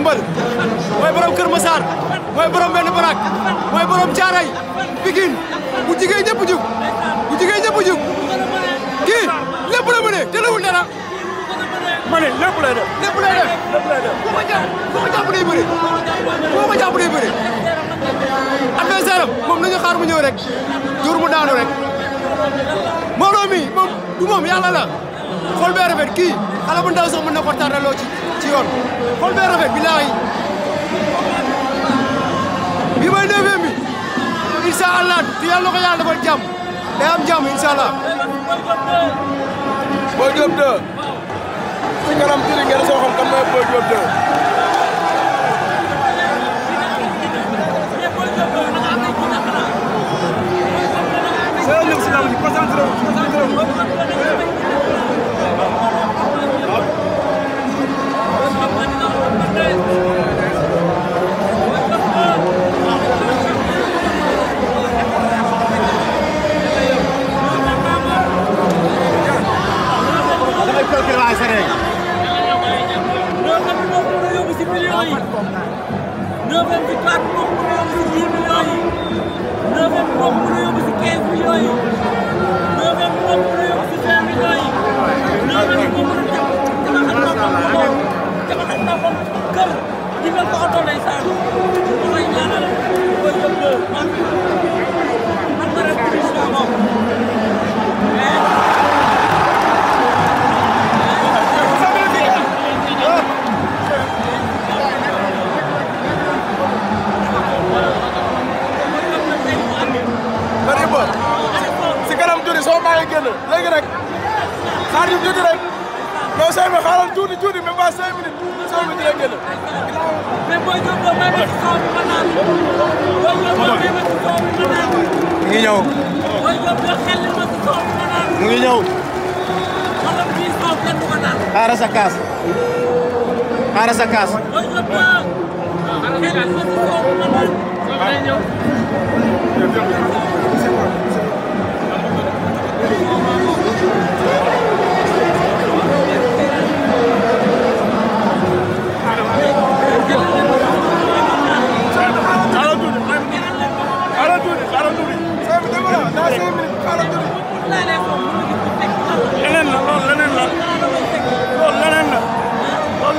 yëmbal mooy borom Kër Massar mooy borom benn barak mooy borom Caaray Pikine bu jigéen ñëpp jug bu jigéen ñëpp jug kii lépp la mënee tëlawul dara ma ne lépp xaar mu ñëw rek jur mu daanu rek mbooloo mi moom du moom yàlla la xool bee rafet kii xale bu ndaw na ko tardaloo yoon xool bee rafet bilaay bi may neuvième bi incha allah te yàlla na ko yàlla defal jàmm am jàmm incha allah. Boy Diop 2. si kanam tuuti ngeen soo xam kan mooy Boy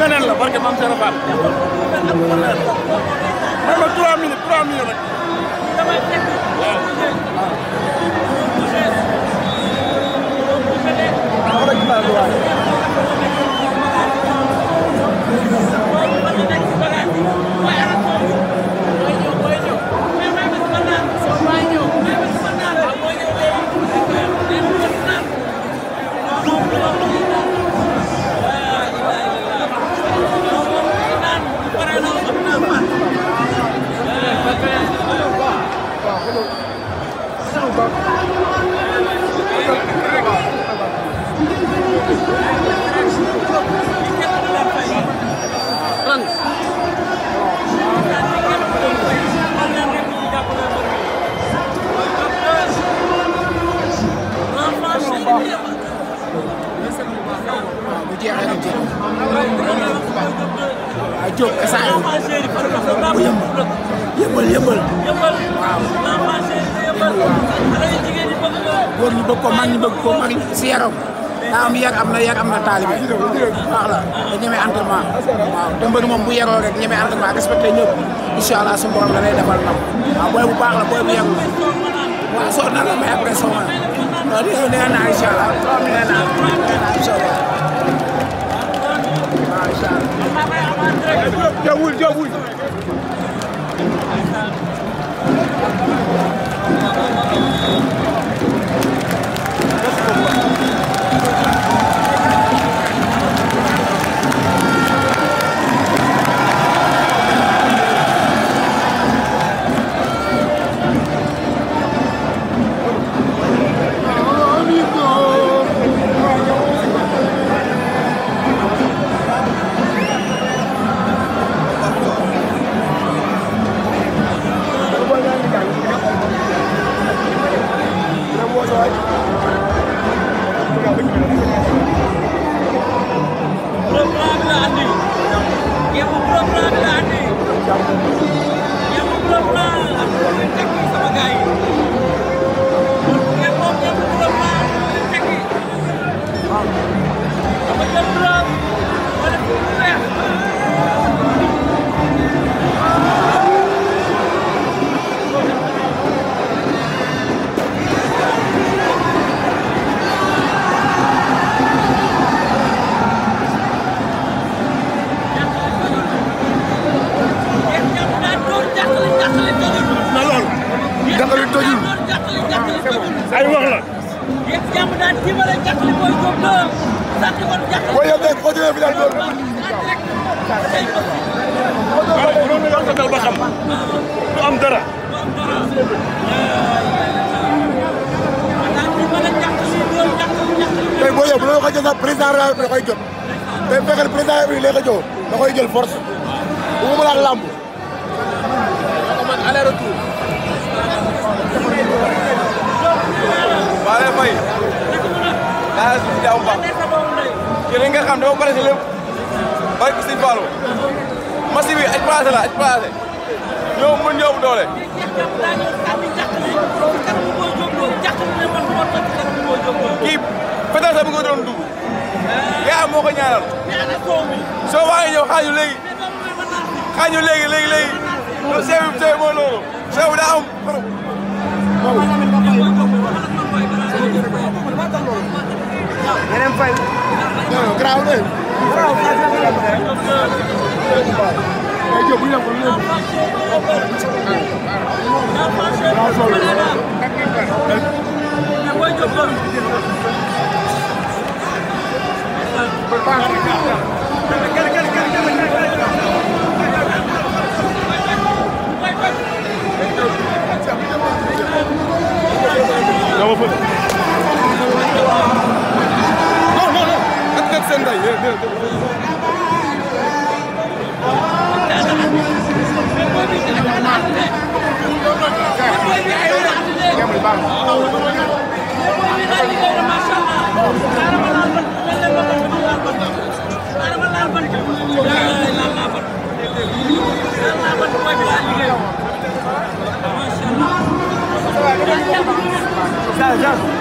leneen la barke maam Serap Fall. may ma 3 minutes 3 minutes rek. waaw. waaw yëmbal yëmbal. yëmbal waaw. góor ñi bëgg ko mag ñi bëgg ko mag si yaram daa am yar am na yar am na taalibe baax la da ñeme entraînement waaw te mbër moom bu yaroo rek ñeme entraînement respecté ñëpp incha allah borom la lay defal nam bu baax la bu na la may après ma allah Thank you. ñoo mën ñoo doole. kii fetal sax mi nga doon dugg. yaa moo ko ñaanal. soo waa ngi ñëw xaaju léegi. xaaju léegi léegi léegi. loolu seew bi seew moo loolu. seew daa am. yeneen fay. non graaw de. graaw ẹjọ́ bóyá kò ní ọ̀hún. Não, não, não. Até que você anda aí. Tchau, tchau.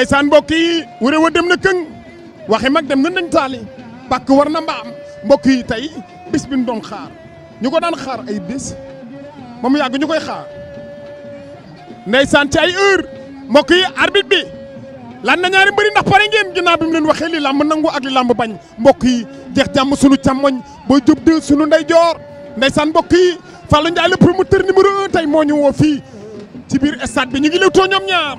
ndaysan mbokk yi wure wa dem na këng waxi mak dem na dañ taali bàkk war na mbam mbokk yi tay bis bin ñu xaar ñuko ko daan xaar ay bis mom yag ñukoy xaar ndaysan ci ay heure mbokk yi arbit bi lan na ñaari mbëri ndax pare ngeen ginaa bi mu leen waxe li lamb nangu ak li lamb bañ mbokk yi jeex jam suñu càmmoñ bo jop de suñu sunu jor ndaysan mbokk yi fallu Ndiaye le promoteur numéro un tey moo ñu woo fii ci bir stade bi ñu ngi lew to ñom ñaar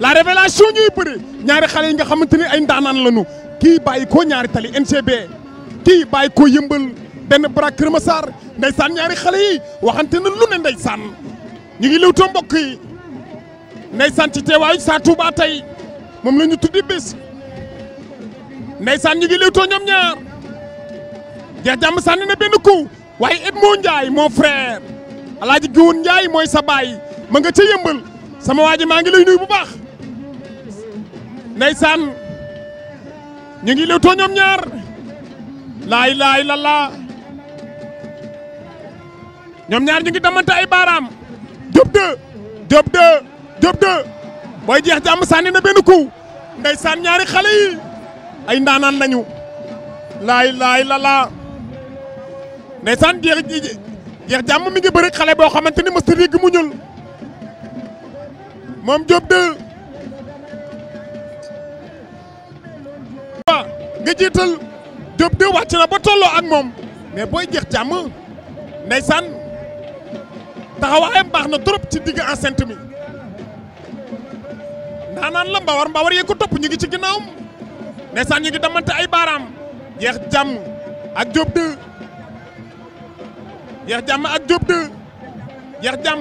la révélation ñuy bëri ñaari xale yi nga xamante ni ay ndaanaan lañu kii bàyyi ko ñaari tali NCB kii bàyyi ko yëmbal benn baraak Kër Masar ndeysaan ñaari xale yi waxante na lu ne ndeysaan ñu ngi Leewtoo mbokk yi ndeysaan ci teewaayu saa baa tey moom la ñu tuddi bés ndeysaan ñu ngi Leewtoo ñoom ñaar jeex jàmm sànni na benn coup waaye Edmond moo mon frère Alaaji Giwoon Ndiaye mooy sa baay ma nga ca yëmbal sama waa ji maa ngi lay nuyu bu baax ndeysaan ñu ngi lewtoo ñoom ñaar laa ilaaha illallah ñoom ñaar ñu ngi damante ay baaraam Diop 2 Diop 2 Diop 2 booy jeex jàmm sànni na benn coup ndeysaan ñaari xale yi ay ndaanaan lañu laa ilaaha illallah ndeysaan jeex jeex jàmm mi ngi bëri xale boo xamante ni mësta régg mu ñul moom Diop 2 nga jiital Diop de wacc na ba tolo ak mom mais boy jeex jam neysan taxaway am baxna trop ci digg enceinte mi nanan la mbawar mbawar yee ko topp ñu ngi ci ginaawum neysan ñi ngi damante ay baram jeex jam ak job de jeex jam ak job de jeex jam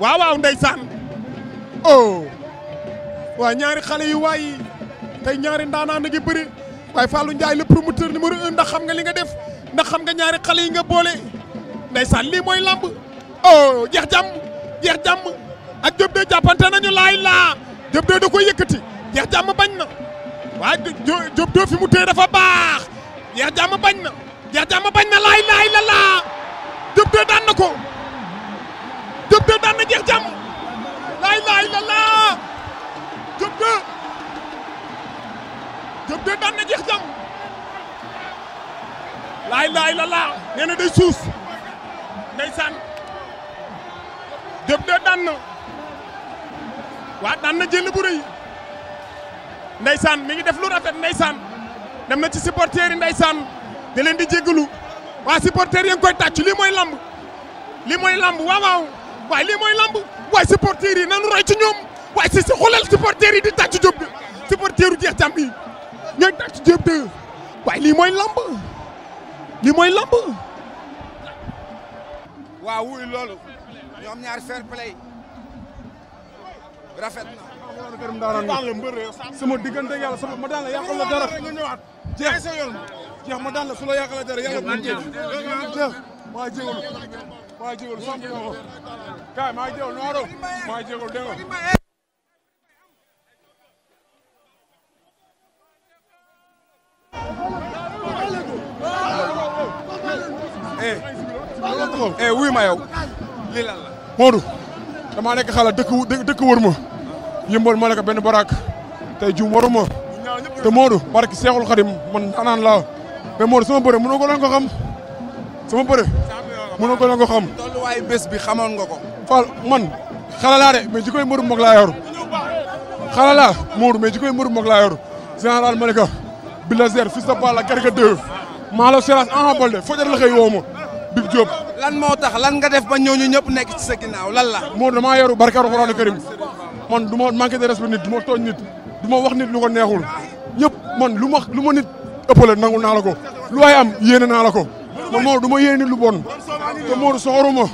waaw waaw neysan oh wa ñaari xalé yu way tey ñaari ndaanaan a ngi bëri waaye Fallou Ndiaye le promoteur numéro un ndax xam nga li nga def ndax xam nga ñaari xale yi nga boole ndeysaan lii mooy lamb oh jeex jàmm jeex jàmm ak Diop jàppante nañu laay laa Diop de da jeex jàmm bañ na waaye Diop de fi mu téye dafa baax jeex jàmm bañ na jeex jàmm bañ na laay laay la laa Diop de daan na ko Diop de daan na jeex jàmm laay laay la laa Diop Diop de daan na jeex jam laay laay la laa nee na day suus ndeysaan Diop de daan na waa daan na jël bu rëy ndeysaan mi ngi def lu rafet ndeysaan dem na ci supporters yi ndeysaan da leen di jégalu waa supporters yi ngi koy tàcc lii mooy lamb lii mooy lamb waaw waaw waaye lii mooy lamb waaye supporters yi nanu roy ci ñoom waaye si si xoolal supporters yi di tàcc Diop de supporteru Jeex Jàmm yi ñooy tàcc Diop 2 waaye lii mooy lamb lii mooy lamb. waaw wuy loolu ñoom ñaar fair play rafet na. gërëm daanaka daan la mbër sama diggante kalau sama ma daan la yàqal la dara jeex jeex ma daan la su la yàqal la dara yàlla bu jeex maa jégalu maa jégalu sant ko kaay maa jégalu nooro maa jégalu dégg mais wuy ma lii lan la nekk xala dëkk dëkk wër ma. yëmbal ma ne benn baraak. tey jum waru te Modou barki Seexul Xadim man anaan laa. mais Modou sama bëre mënoo ko xam. sama bëre. mënoo ko xam. tolluwaayu bi xamoon nga ko. Fall man xala laa de mais ji koy mbëru mag laa yor. xala laa Modou mais ji koy mbëru mag laa yor. général Malika. Bilazer fils de Balla Garga 2. Malo Seras Ama Baldé fajar Bib Diop. lan moo tax lan nga def ba ñooñu ñëpp nekk ci sa ginnaaw lan la. moo damaa yaru barke Alxuraan Karim man du ma manqué de respect nit du ma tooñ nit du wax nit lu ko neexul ñëpp man lu ma lu ma nit ëppale nangul naa la ko lu waay am yéene naa la ko man Modou du ma yéene nit lu bon te Modou soxoruma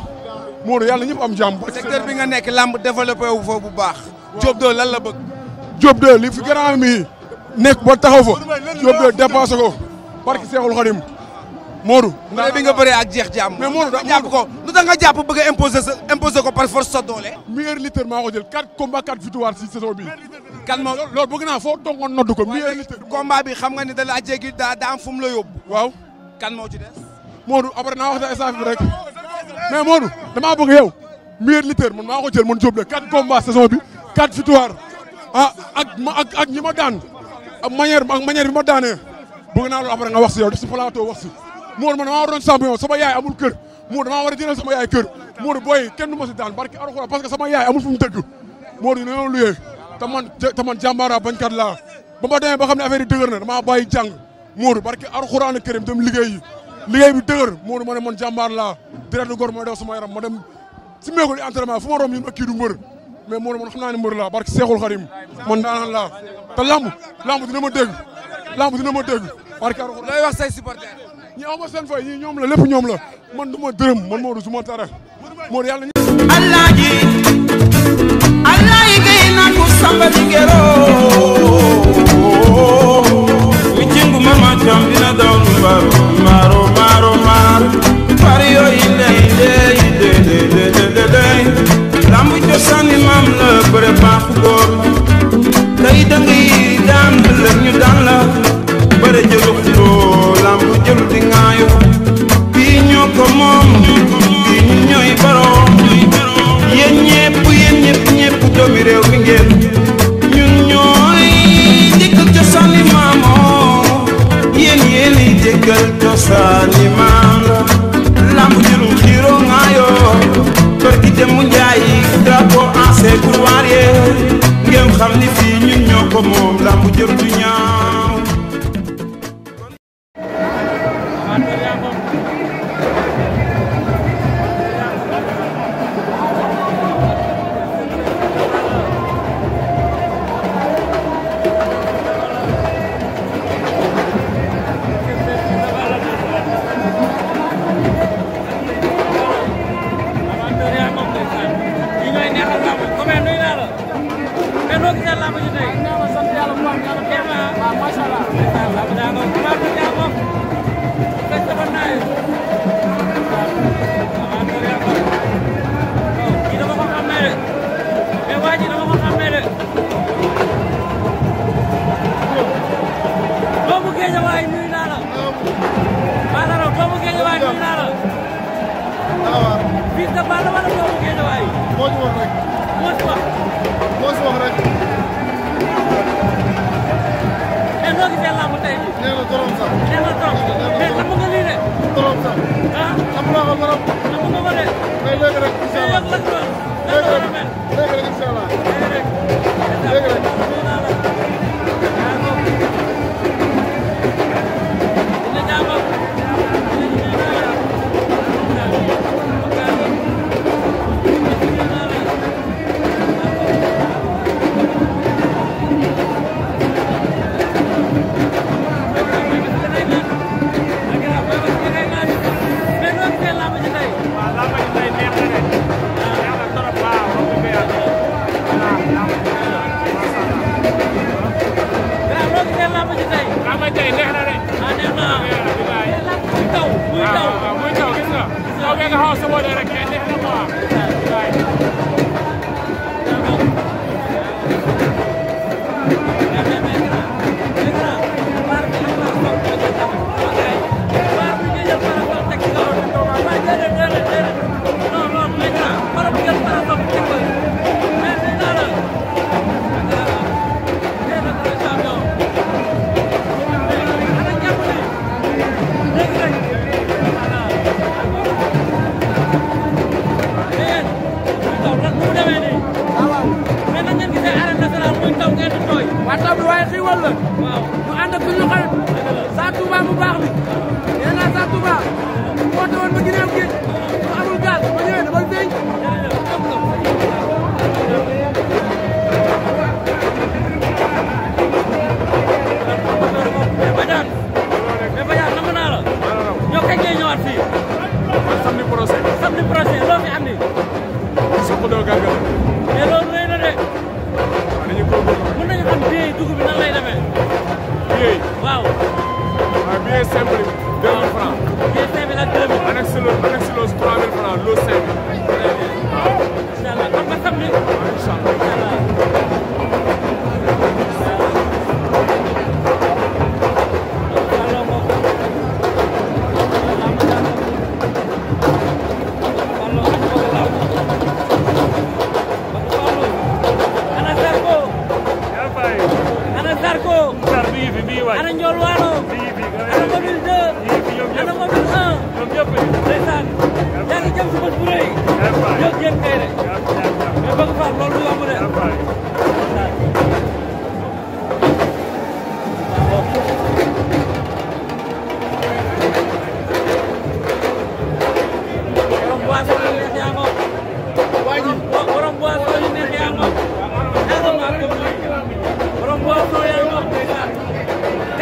Modou yàlla ñëpp am jàmm. secteur bi nga nekk làmb développé wu foofu bu baax. Diop 2 lan la bëgg. Diop 2 li fi grand mi nekk ba taxaw fa Diop 2 dépassé ko barke Seexul Xadim Modou. mu ne bi nga ak jeex jàmm. mais Modou da jàpp ko lu tax nga jàpp bëgg a imposer sa imposer ko par force sa doole. meilleur loolu bëgg naa naa wax sa staff bi rek mais Modou damaa bëgg yow meilleur lutteur man maa ko jël man Diop la 4 combats saison bi 4 victoires ah ak ma ak ak ñi ma daan ak manière ak manière bi ma daanee bëgg naa loolu après nga wax si yow def si plateau wax si. Modou man damaa waroon champion sama yaay amul kër Modou damaa war a jëndal sama yaay kër Modou booy kenn du ma si daan barki Alxuraan parce que sama yaay amul fu mu dëgg Modou ñu doon luyee te man te man jàmbaara bañkat laa ba ma demee ba xam ne affaire yi dëgër na damaa bàyyi jàng Modou barki Alxuraan ak kërim dem liggéey yi liggéey bi dëgër Modou ma ne man jàmbaar laa direct góor mooy daw sama yaram ma du mbër mais Modou man xam naa ne mbër laa barki Seexul ñi aw ma seen fay lépp ñoom la man du ma dërëm man Modou su ma dara Modou yàlla alaaji alaaji gay naan mu samba di ngero mi jingu mama jam dina daw nu mbaro maro maro mar pari yo inde inde inde inde inde inde lambu cosaan la bëre baax góor day dangi daan la ñu daan la bëre jëlu bu jëlu di ŋaayo bii ñoo ko ñun ñooy baroom yéen ñepp yéen ñepp ñepp doomi cosaani maamoo yéen yéen yi jëkkal cosaani maam lambu jëlu mu njaay drapeau en ses couloirs ngeen xam ni fii ñun ñoo ko moom lambu jëlu du ñaaw père nuyu naa la. mais noo gisee làmb ji tey. waaw sant yàlla bu baax yàlla bu baax. waaw macha allah. macha allah bu daan doon maa ngi leen moom. fekk dafa naay. waaw maa ngi koy yàlla. waaw kii dama ko xàmmee de. mais waa ji dama ko xàmmee de. doomu géej waay nuyu naa la. maanaam loolu doomu géej waay nuyu naa la. waaw. fils de Balla wala doomu géej waay. moo ñu woon rek. loo si wax rek. mais noo gisee làmb tey jii. nee na trop sax. nee na trop mais namm nga lii de. trop sax. ah am naa ko trop. namm nga ko de. mais léegi rek incha allah mais léegi rek léegi rek incha allah léegi rek. muy taw muy taw. waaw waaw muy taw gis nga.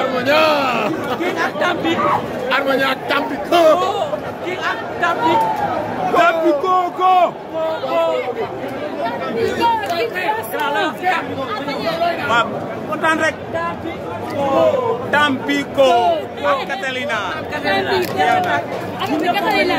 Armonia kii ak Tampi. Armonia ak Tampi koo. kii ak Tampi. Tampi koo koo. waaw kontaan rek. Tampi koo. ak Catalina. Tampi koo ak Catalina.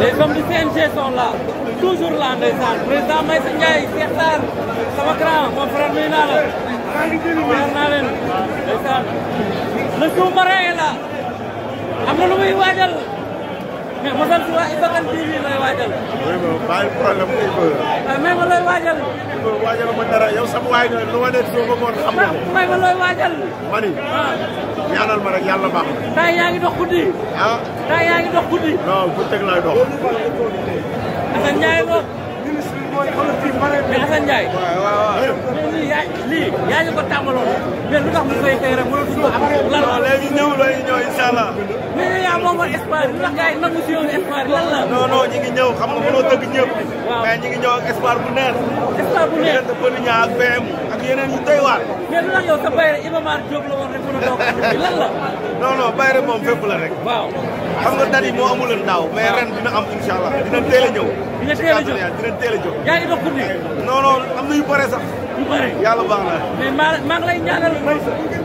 les hommes du CNG sont là toujours là ndeysaan président Maysa Ndiaye Cheikh Sarr sama grand mon frère nuyu naa naa leen ndeysaan le sous-marin est là am na lu waajal. mais mosal si waa Iba Kane TV lay waajal. oui ma bàyyi problème mu Iba. waaw may waajal. Iba waajal ma dara yow sama waay nga lu ma nekk soo ko mën xam nga ko. may waajal. ma ah. ñaanal ma rek yàlla baax na. temps yaa dox guddi. ah temps yaa ngi dox guddi. non bu teg mais Assane Ndiaye. waaw waaw lii yaa lii yaa ñu ko tàmbaloon mais lu tax mu koy xëy rek mënatu ko am. lan la léegi ñëw léegi ñëw incha allah. mais yaa moomoon espoir lu tax gars yi nangu si yoon espoir lan la. non non ñi ngi ñëw xam nga mënoo tëgg ñëpp. waaw mais ñi ngi ñëw ak espoir bu neex. espoir bu neex ñu ak BM ak yeneen yu doy waar. mais lu tax yow sa bayre Iba Mar Diop la woon rek mën a toog lan la. non non bayre moom fépp la rek. waaw. xam nga dari moo amuloon daaw mais ren dina am incha allah dina teel a ñëw. dina teel a jóg am na yu bare sax. mu bëri yàlla baax na. mais maa ngi lay ñaanal.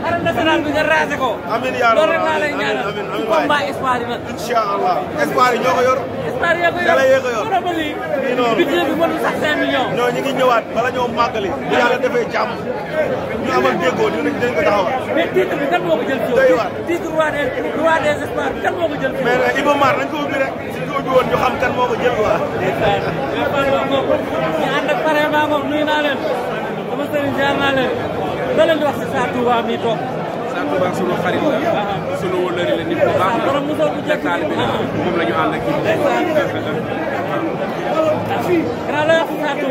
arène national bi nga raase ko. amiin yaa rabbi loolu rek laa lay ñaanal. amiin amiin waay combat espoir yi nag. incha allah espoir yi ñoo ko yor. espoir yi ñoo ko yor yàlla yee ko yor. nii noonu budget bi mënul sax 5 millions. ñoo ñu ngi ñëwaat bala ñoo màggali. bu yàlla defee jàmm ñu amal déggoo dinañ dinañ ko taxawal. mais titre bi kan moo ko jël fii. doy waar titre roi des roi des espoirs kan moo ko jël fii. mais nag Iba Mar nañ ko ubbi rek. suñ ko ubbi woon ñu xam kan moo ko jël quoi. sama sëriñ jàngal leen da leen di Sa Touba mi toog Sa Touba sunu xarit la sunu wëllëri la nit bu baax la la taalibe la moom la ñu ànd ak Grand la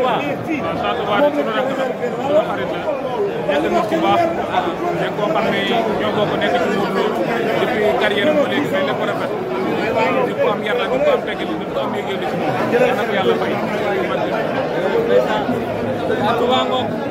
wax si Sa Touba Sa Touba di sunu rakk la sunu xarit la nekk nit bu baax nekk koo xam ne ñoo bokk nekk ci moom loolu depuis carrière ba léegi mais lépp rafet nit ku am yar la nit ku am teggin nit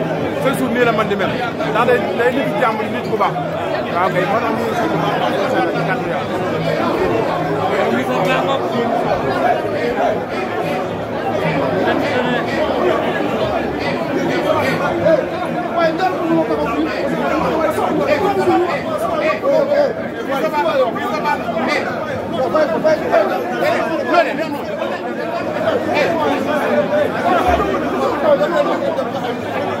chaque jour la les Je nit Thank you.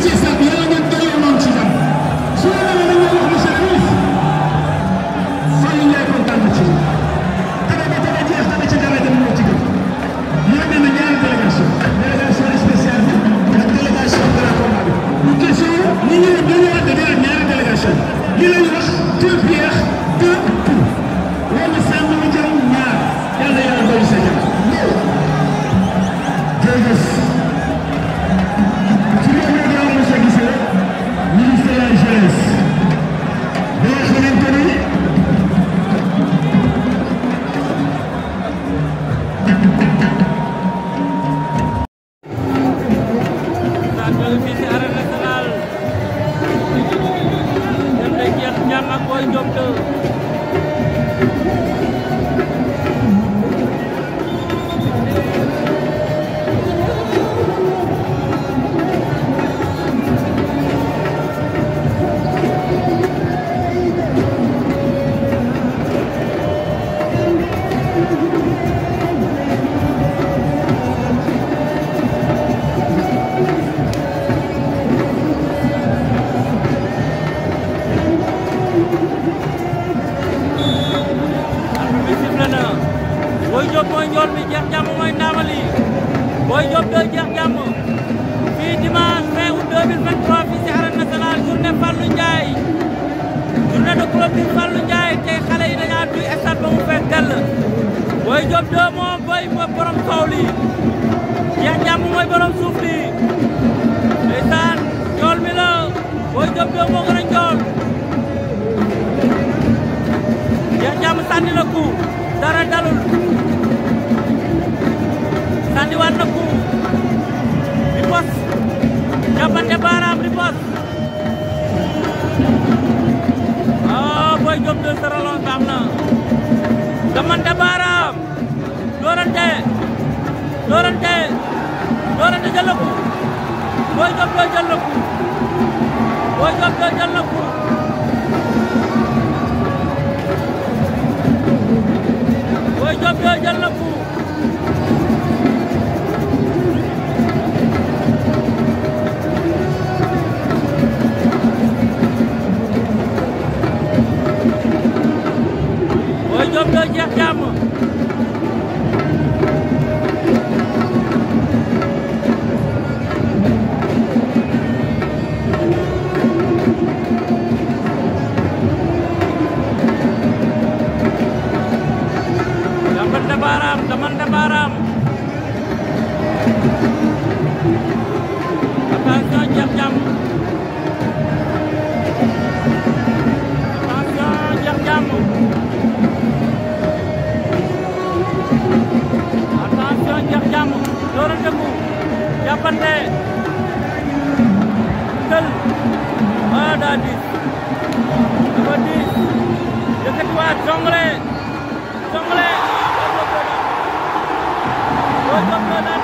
Bridges la tëraloon am na damante baaraam doorante doorante doorante jël na ko Boy Diop doo jël na ko Boy Diop doo jël na ko Boy Diop doo jël na ko Diop doo jeex Teman Daman teman baaraam daman da baaraam kamu, Jammu jawabannya tel ada di seperti yang kedua jongle jongle Bocor